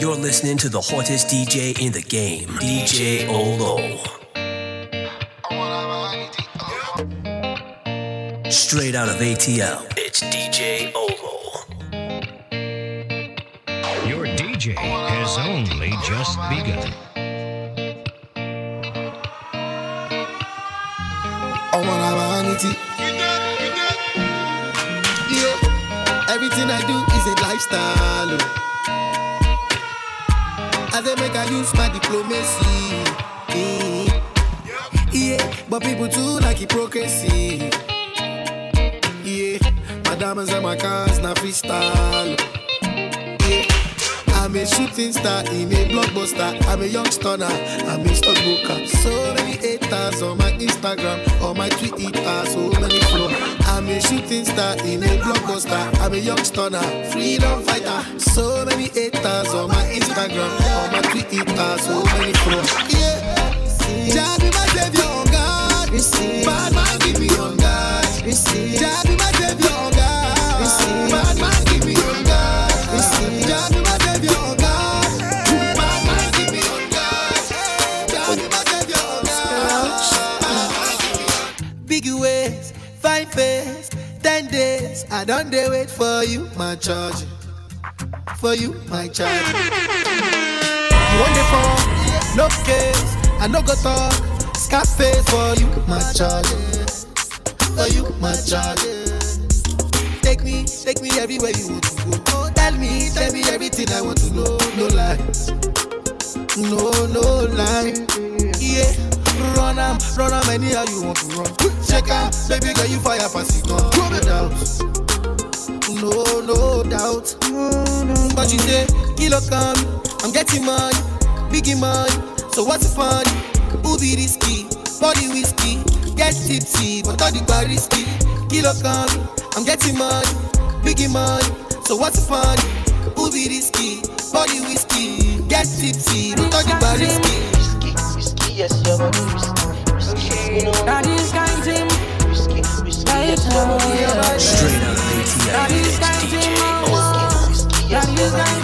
You're listening to the hottest DJ in the game, DJ Olo. Straight out of ATL, it's DJ Olo. Your DJ has only just begun. Oh, my vanity. Yeah. Everything I do is a lifestyle. Oh. They say make I use my diplomacy. Yeah, yeah. but people too like hypocrisy. Yeah, my diamonds and my cars now freestyle. I'm a shooting star, I'm a blockbuster, I'm a young stunner, I'm a stockbroker. So many haters on my Instagram, on my Twitter, so many flow. I'm a shooting star in a blockbuster. I'm a young stunner, freedom fighter. So many haters on my Instagram, on my Twitter, so many flaws. Yeah, Jah be my savior, oh God. Bad man keep me on guard. Jah be my savior, oh God. I don't dare wait for you, my charge. For you, my charge. You want the phone? No case. I no go talk. Scarface for you, my charge. For you, my charge. Take me, take me everywhere you want to go. Oh, tell me, tell me everything I want to know. No lie. No, no lie. Yeah. Run am, run am anyhow you want to run. Check out, baby girl you fire pass it on. Go down no, no doubt. But you say, kilo come, I'm getting money, biggie money. So what's the fun? Booby risky, body whiskey, get tipsy, but all the bar risky. Kilo come, I'm getting money, biggie money. So what's the fun? Booby risky, body whiskey, get tipsy, but all the bar risky. yes, your body risky. Risky, you know. That is kind of risky, risky, yes, your body risky. Straight up. That is dancing, man. Oh.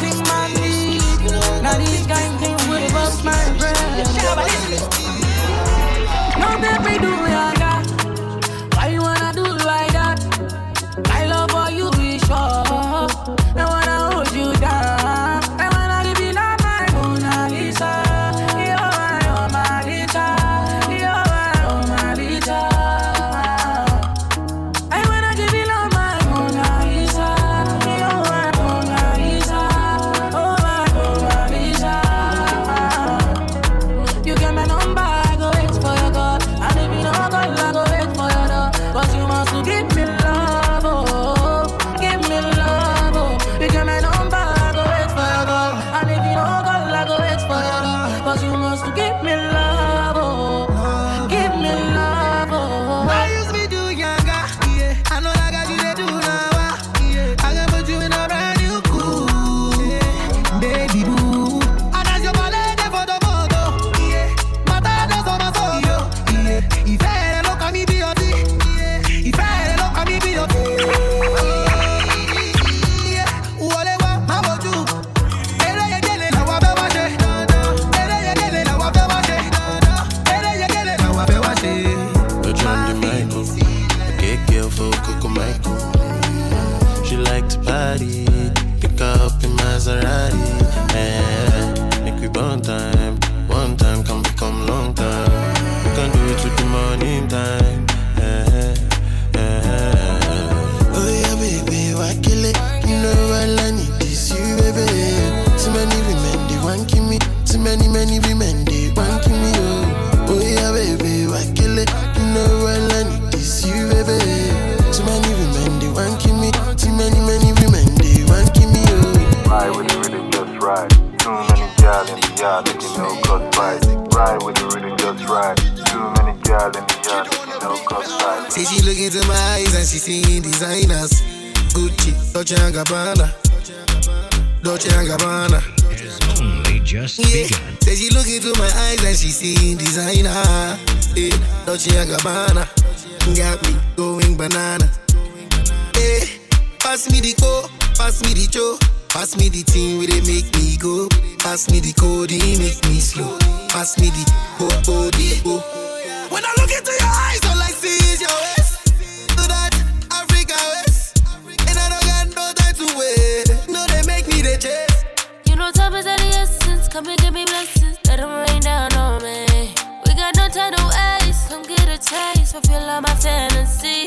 designers. Gucci, Dolce and Gabbana. Dolce and Gabbana. Has only just yeah. begun. Say she look into my eyes and she seeing designer. Yeah. Dolce and Gabbana. Got me going banana. Yeah. Pass me the co, pass me the joe, Pass me the thing where they make me go. Pass me the codeine, make me slow. Pass me the oh, oh, the oh. When I look into your eyes, all I see is your waist. Come and give me blessings, let them rain down on me. We got no time to waste, come get a taste, fulfill all my fantasies.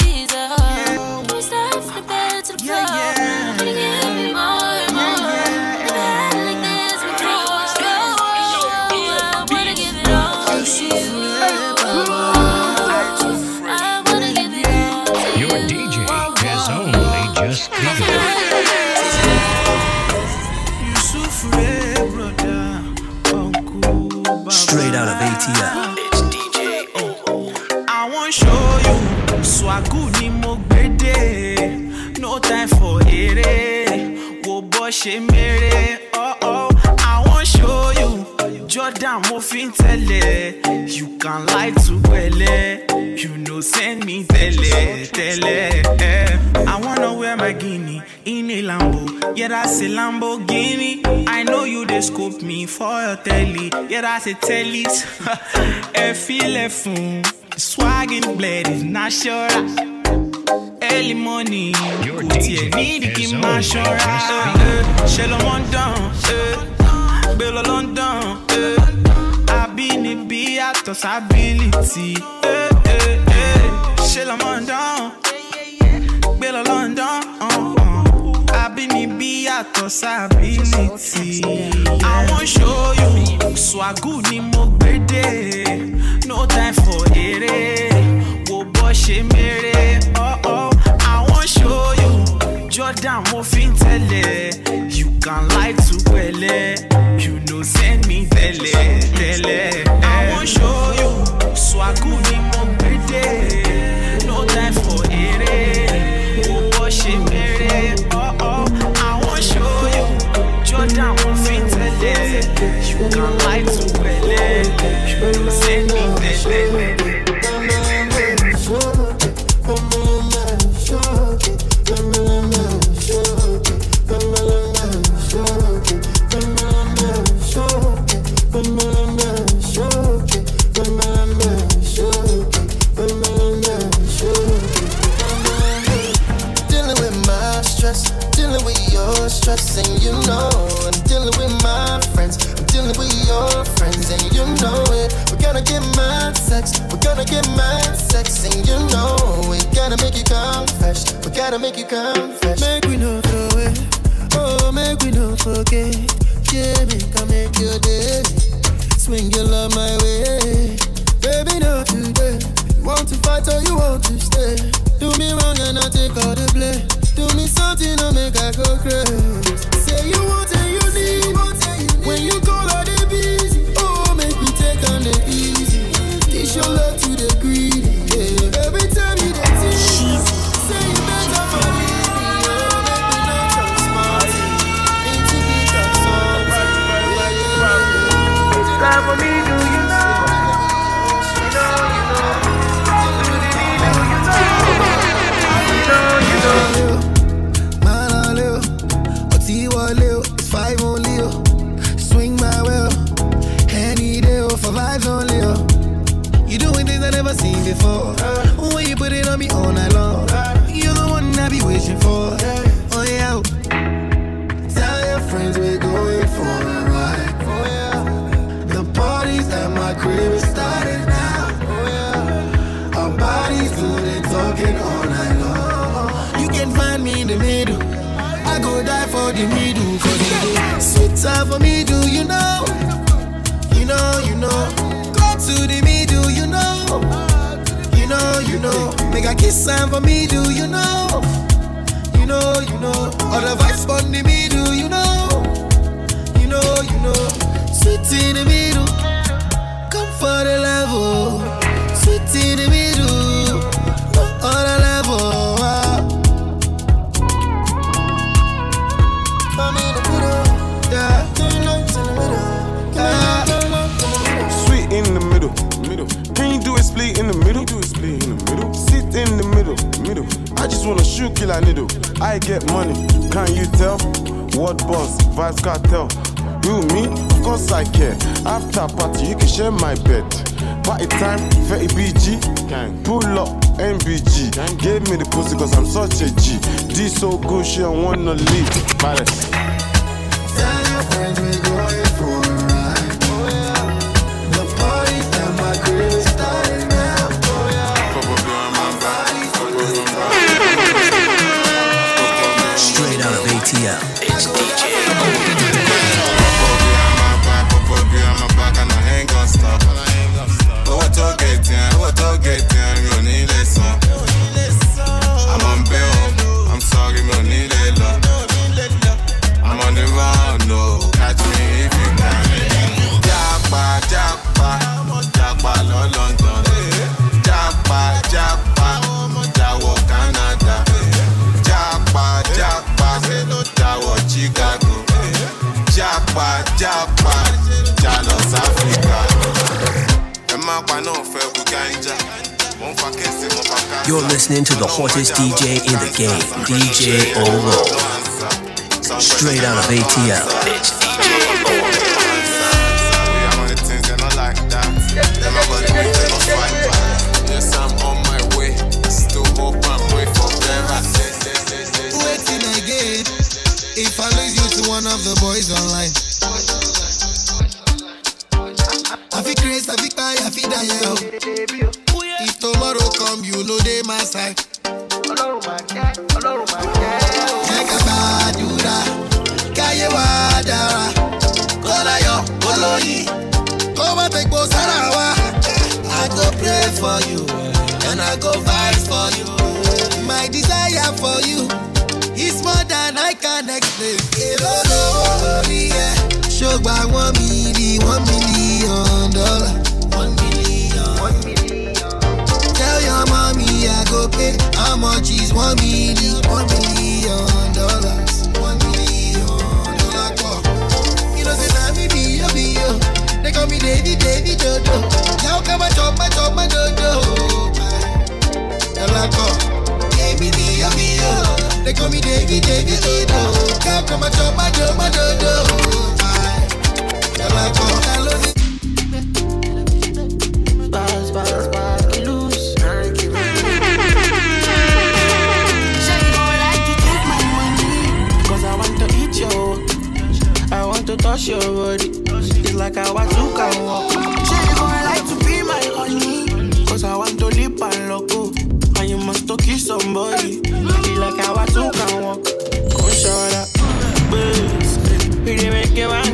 tẹ́lẹ̀ yẹ́ra ṣe tẹ́lẹ̀ ẹ filẹ̀ fún swagging bled is natural. Early morning, kò tiẹ̀ nídìí kí n máa ṣọ́ra. Eh, Bill eh, eh, lọ London? Gbé lọ London? Abínibí yàtọ̀ sábìlìtì. Ṣé lọ London? Bill lọ London? yàtọ̀ sábìlìtì. Àwọn ṣòyò swagu ni mo gbé No time for eré, wo bọ́ ṣe mèrè. Àwọn ṣòyò Jordan mo fi ń tẹ̀lé. You can lie to pẹ̀lẹ́, you know, send me tẹ́lẹ̀ tẹ́lẹ̀. Àwọn ṣòyò. the moon. you know. Make a kiss in for me, do you know? You know, you know. All the vibes for me, do you know? You know, you know. Sweet in the middle, come for the level. Oh. Sweet in the middle, on other level. Oh. in the middle. Can you do a split in the middle? play in the middle. Sit in the middle, middle. I just wanna shoot killer needle. I get money, can you tell? What boss, vice cartel. You, me, of course I care. After party, you can share my bed. Party time, 30 BG. Gang. Pull up, MBG. Gang. Gave me the pussy cause I'm such a G. This so good, she don't wanna leave. Palace. Tell your friends we hottest DJ in the game, DJ Oro. Straight out of ATL, for you, and I go fight for you. My desire for you is more than I can explain. Olórí ẹ̀ ṣògbà one million, one million dollar. million, one million. Tell your mommy I go pay how much is one million. baby, baby, Edo. Come, come, chop, my chop, my dodo. que va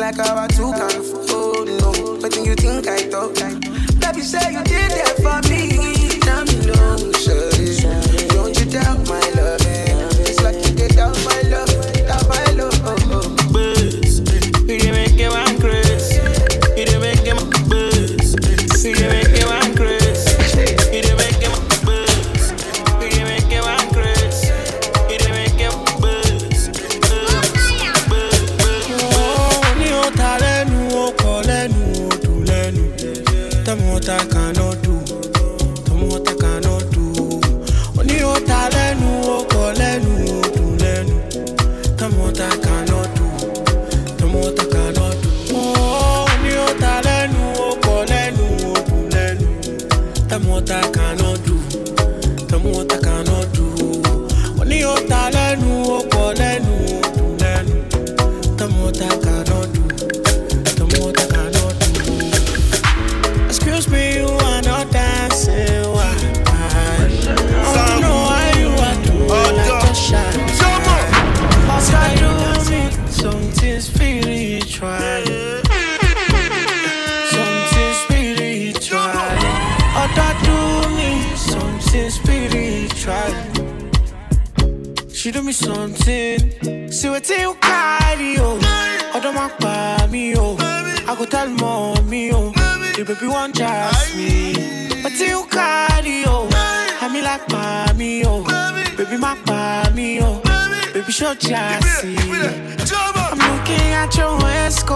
like our two can fold. No, But then you think I thought? Baby, say you did that. something. See what you carry, oh. I don't want by me, oh. I go tell mommy, oh. The baby won't trust me. But you carry, oh. I me like mommy, oh. Baby, my mommy, oh. Baby, show chassis. I'm looking at your waist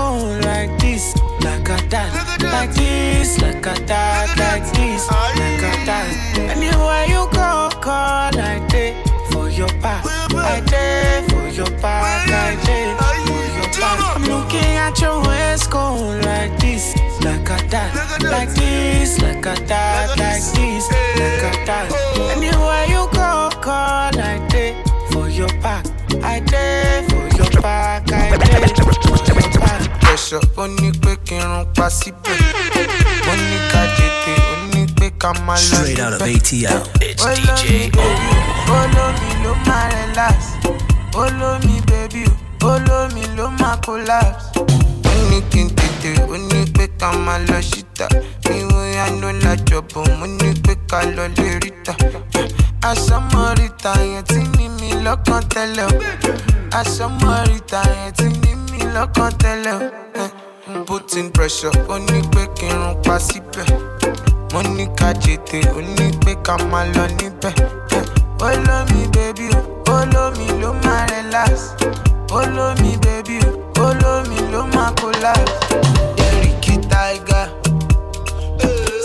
like this, like a that, like this, like a that, like this, like a that. Anywhere you go, call like this your back. I dare for your back. I dare for your back. I'm looking at your waist going like this, like a that, like this, like a that, like this, like a that. Oh. Anywhere you go, call I dare for your back. I dare for your back. I dare for your back. Pressure on you, quick and run past it. Money, got it. Eh come along. Straight out of ATL. It's Follow DJ Omo. Follow me, no my relax. Follow me, baby. Follow me, no my collapse. Only king tete, only quick, I'm a loshita. Me, we are no la trouble. Only quick, I love lyrita. Asamorita, yẹn ti ní mi lọ́kàn tẹ́lẹ̀ o. Asamorita, yẹn ti ní mi lọ́kàn tẹ́lẹ̀ o. Putting pressure, ó ní pé kí n rún mo ní ká jètè ó ní pé ká máa lọ níbẹ̀ olómi bèbí o olómi ló oh. lo me, olómi bèbí o olómi olomi bebi love máa collapse. Eriki tiger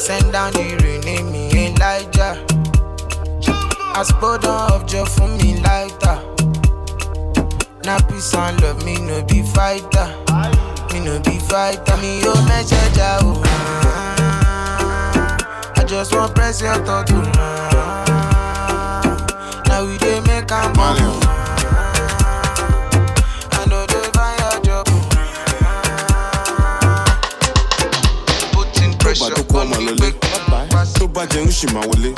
send down the rain èmi Elijah aspodon ọjọ́ fún mi lighter na peace and love me no be fighter Me no be fighter me yóò mẹ́jẹ̀jà o. Oh. oh just want press your thought Now we dey make a. am bubble. Pressure, but the tó bá jẹ ń ṣì máa wọlé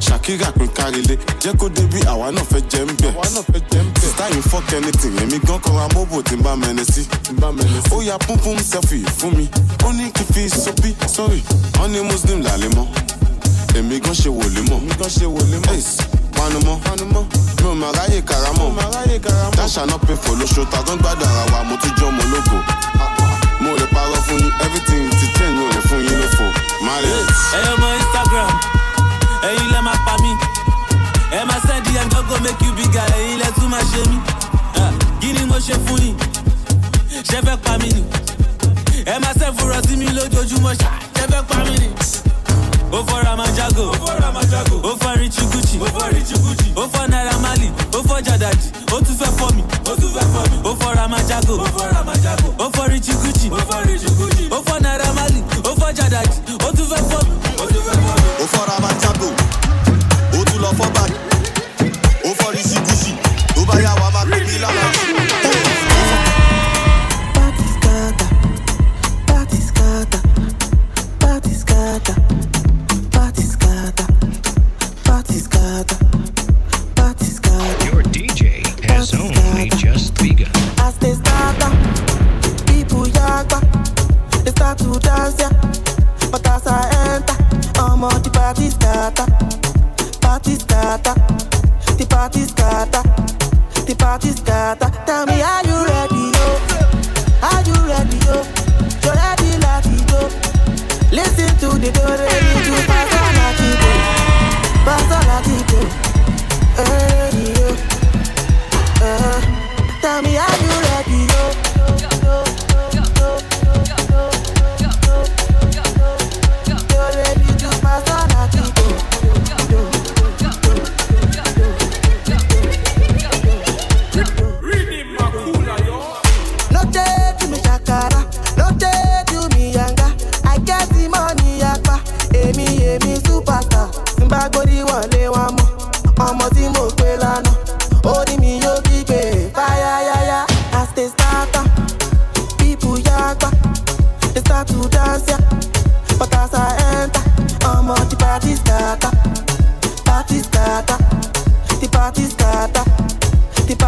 ṣàkírà pín kárílé jẹ́ kó dé bí àwa náà fẹ́ jẹ́ ń bẹ̀ sítáyì fọ́k anything èmi gan kọra mọ́bò tí n bá mẹ́ni sí ó ya púnpún sẹ́fì fún mi ó ní kí fi sọ́bí sọ́rì wọ́n ní muslim làlẹ́ mọ́ èmi gan ṣe wòlé mọ́ panumọ mi ò máa ráyè karamọ dáṣà náà pé fò lóṣù tàdán gbádùn ara wa mo tún jọ́ ọmọ lógo. Ah, lè parọ́ fún yín everything ti change ò lè fún yín ló fò marriage. ẹ ọmọ instagram ẹyin lẹ máa pa mí ẹ máa send dm gbogbo make you bigger hey lẹ tún máa ṣe mí kí ni mo ṣe fún yín ṣe fẹ́ pa mí ni ẹ máa send fúnra sí mi lójoojúmọ́ ṣá ṣe fẹ́ pa mí ni ó fọ́ra máa jágò ó fọ́ rí chukuchi ó fọ́ naira mali ó fọ́ jadadi ó tún fẹ́ fọ́ mi ó fọ́ra máa jágò ó fọ́ rí chukuchi ó fọ́ naira mali ó fọ́ jadadi ó tún fẹ́ fọ́ mi. ó fọ́ra máa jágò ó tún lọ fọ́ bàdí ó fọ́ rí chukuchi tó bá yà wá máa pè mí lára. body scatter. Tell me, are you ready? yo? are you ready? Oh, you ready, yo! Listen to the door, ready eh, to pass on yo! Pass on yo! Hey, eh, yo. Uh, tell me.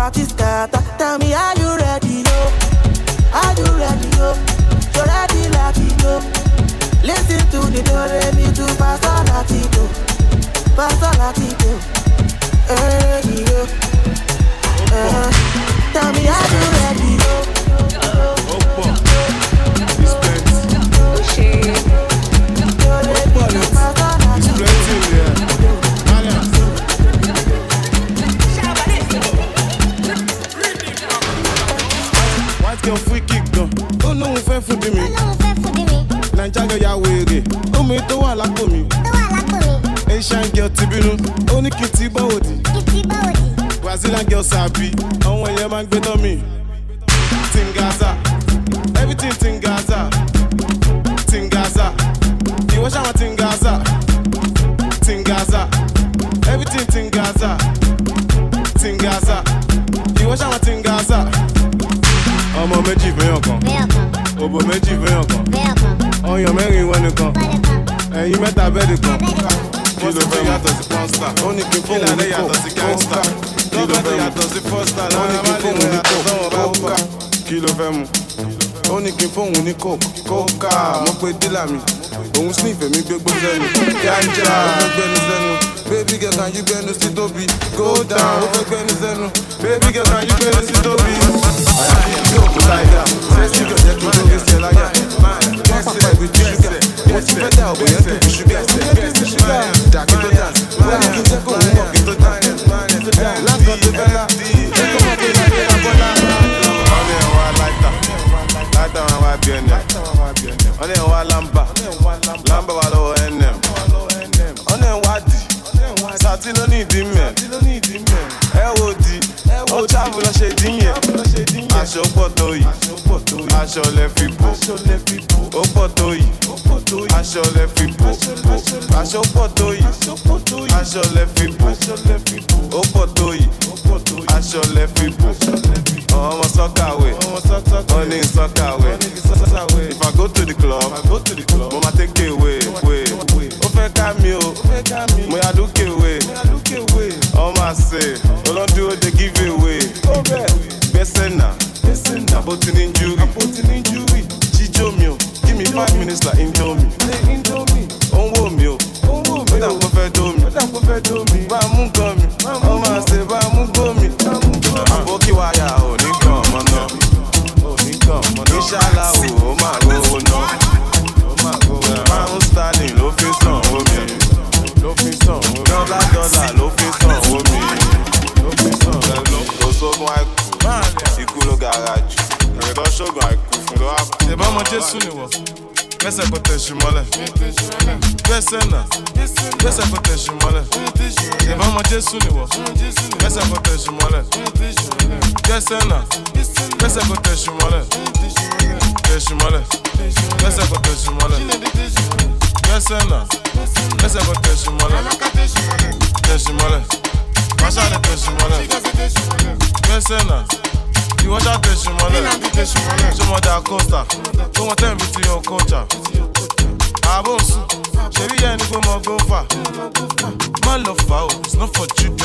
party scatter. Tell me, are you ready, yo? Are you ready, yo? You ready, Latino? Listen to the do re mi do pastor Latino, pastor Latino. Hey, yo. Uh, tell me, are you ready? fìdí mi. naija girl ya wèrè omi tó wà lápò mi. asian girl ti bínú ó ní kí n ti bọ́ òdì. brazilian girl sàbí àwọn èèyàn máa ń gbé tán mi. tingaza everything tingaza tingaza ìwọ ṣáwọn tingaza tingaza everything tingaza tingaza ìwọ ṣáwọn tingaza ọmọ méjì fẹ́yàn kan òbò méjì fẹ́yàn kan ọyàn mẹ́rin wẹnu kan ẹ̀yin mẹ́ta bẹ́ẹ̀dì kan kí ló fẹ́ yàtọ̀ sí pọ́ńsítà ó ní kí fóun ní kò pọ́ńsítà kí ló fẹ́ yàtọ̀ sí pọ́ńsítà lára má lè rìn àtọ̀ bá wúkà kí ló fẹ́ mu ó ní kí fóun ní coke kóka mo pe dílà mi òun sniff èmi gbégbó sẹ́nu ganja ó fẹ́ gbẹ́nu sẹ́nu baby girl can you gbẹ́nu sí tóbi go down ó fẹ́ gbẹ́nu sẹ́nu baby girl can you gbẹ́nu sí tóbi. Ọlẹ́wà lamba. aṣọ pọ̀ tó yìí aṣọ lẹ fi bò ó pọ̀ tó yìí aṣọ lẹ fi bò aṣọ pọ̀ tó Le aṣọ lẹ fi bò ó pọ̀ tó yìí aṣọ lẹ fi bò ọmọ sọ́kàwé ọ̀nì sọ́kàwé if i go to the club mo ma take away ó fẹ́ ká mi o mo yà dúkè away ọmọ àṣẹ olóńdúró dey give away gbèsè náà. putting in jury. I'm putting in jury. Jijo mio, give me five minutes like Indomie. Ṣé Indomie? Ó ń wò mí o, ó ń wò mí o. Ó dà ń pọ̀ fẹ́ dó mio, Ó dà ń pọ̀ fẹ́ dó mi. sunniwa Mese kote shimole Besena Mese kote shimole Eva maje sunniwa Mese kote shimole Besena Mese kote shimole Kote shimole Mese kote shimole Besena Mese kote shimole Kote shimole Masha ne kote shimole na. You want that question, my love. So much that coaster. So much time to your culture. I won't see. Ṣebí ẹni kò mọ̀ gó fà? Má lọ it's not for you.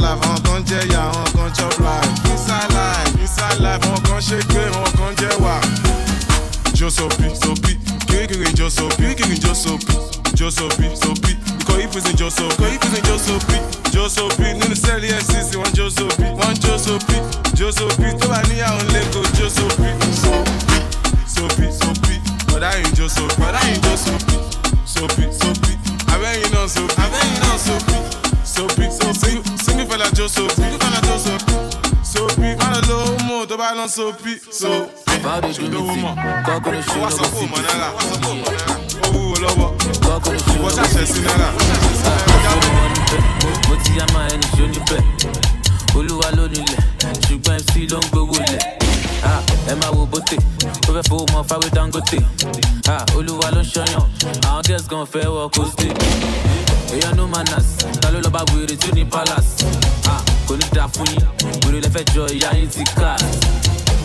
life, àwọn kan jẹ ìyà, àwọn kan chop life. Inside life, inside life, àwọn kan ṣe gbé, àwọn kan jẹ wà. Josopi, sopi, kékeré Josopi, kékeré Josopi, Josopi, sopi, ikọ̀ ìfẹsẹ̀ Josopi, ikọ̀ ìfẹsẹ̀ Josopi. down so pi so ṣùgbọ́n woman wọ́n sọ fún ọmọ náírà ó wúwo lọ́wọ́ ìwọ ṣàṣẹ sí náírà mo ti yá máa ẹni ṣó níbẹ̀ olúwa ló nílẹ̀ ṣùgbọ́n mc ló ń gbowó lẹ̀ ẹ máa wo bóté ó fẹ́ fowó mọ fáwé dangote olúwa ló ń ṣọyàn àwọn girls gan fẹ́ wọ kó stay èèyàn no manners ta ló lọ bá wèrè tí ó ní palace. kò ní dà fún yín gbèrè lẹ́fẹ́ jọ ìyá yín ti ká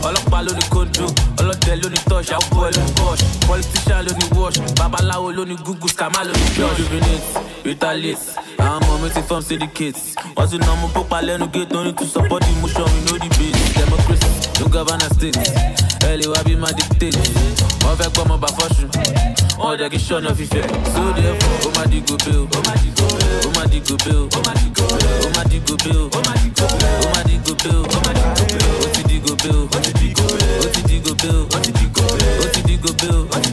ọlọ́pàá ló ní kóńdó ọlọ́dẹ ló ní tọ́ṣà ó bọ́ ẹlú gọ́ọ̀ṣ pọlitíṣà ló ní wọ́ọ̀ṣ babaláwo ló ní gúgù skàmá ló ní jọ́ọ̀ṣ. rejuvenate retaliate àwọn ọmọ mi ti form syndicates wọ́n ti nà ọmọ pópa lẹ́nu gate only to support the motion we no debate democracy no governor state ẹ lè wá bí má dictate wọ́n fẹ́ pọ́ mọ́ bá fọ́ṣù wọ́n jẹ́ kí ṣọ́nà fífẹ́ sóde ẹ̀fọ́ ó má di gòbé o ó má di gòbé o ó má di gòbé o ó má di gòbé o ó ti di gòbé o ó ti di gòbé o ó ti di gòbé o ó ti di gòbé o ó ti di gòbé o ó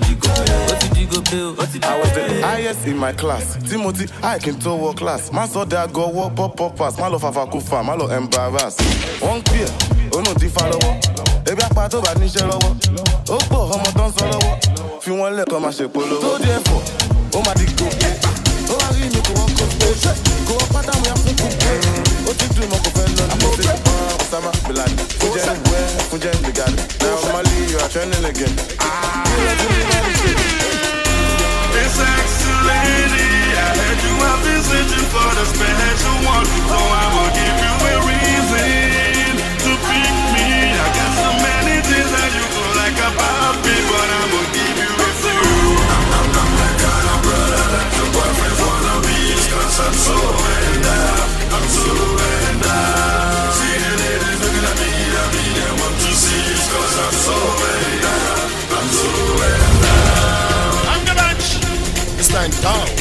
ti di gòbé o I was the highest in my class Timothy aikin tó wọ class má sọ dá gọwọ́ pop pop pass má lọ fàfà kú fà má lọ embarrass wọ́n ń pè é ó nù dín fa lọ́wọ́. ebi apá tó bá níṣẹ́ lọ́wọ́ ó pọ̀ ọmọ tó ń sọ lọ́wọ́ fi wọ́n lẹ̀ kọ́ máa ṣe polówó. tó dé fò ó máa di gòkè ó wá rí mi kò wọ́n kò pé kò wọ́n pátá mi fún kò ó ti dùn mọ́ kò fẹ́ lọ ní ilé ọ̀hún ọ̀sánmá bìlàdì fújẹ́ ìwẹ́ fújẹ́ ìgbìgàdì náà ọmọlé yóò àtúnyẹ́ nílẹ̀ gẹ̀. This sexy for the special one. Oh, I would Oh.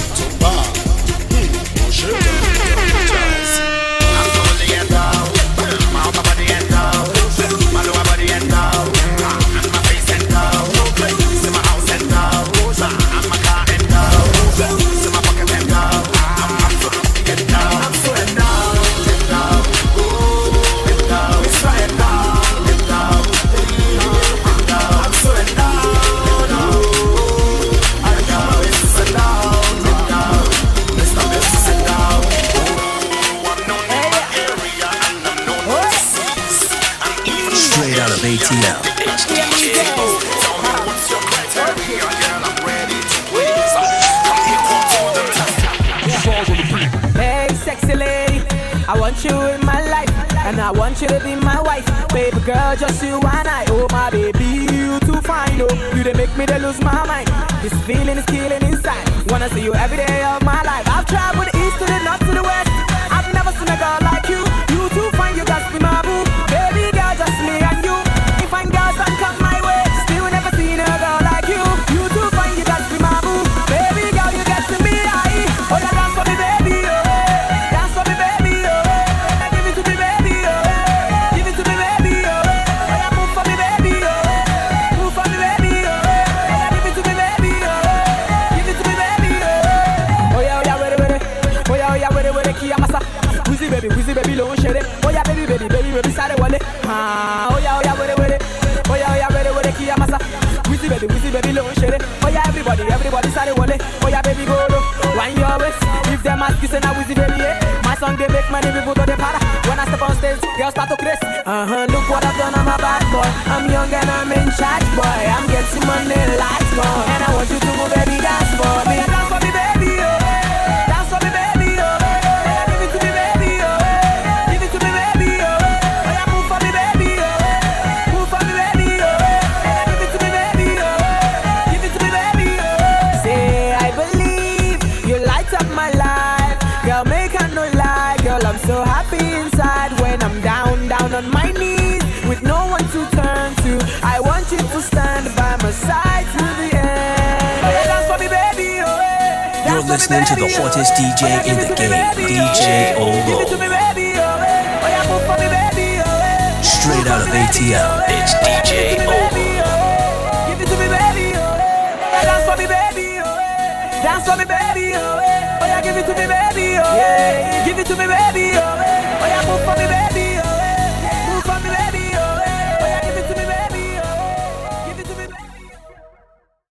everybody, everybody sorry wole. Oh yeah, baby go low, wine your waist. If them ask you say now is it baby, eh? My song they make money people go the para. When I step on stage, girls start to crazy. Uh huh. Look what I've done, I'm a bad boy. I'm young and I'm in charge, boy. I'm getting money like gone, and I want you to go, baby, dance for me. Dance for me, baby. you stand by my side the end. You're listening to the hottest DJ in the game, DJ Olo. Straight out of ATL, it's DJ Olo. Dance for me, baby, oh, yeah. Give it to me, baby, oh, yeah. Give it to me, baby, oh, yeah.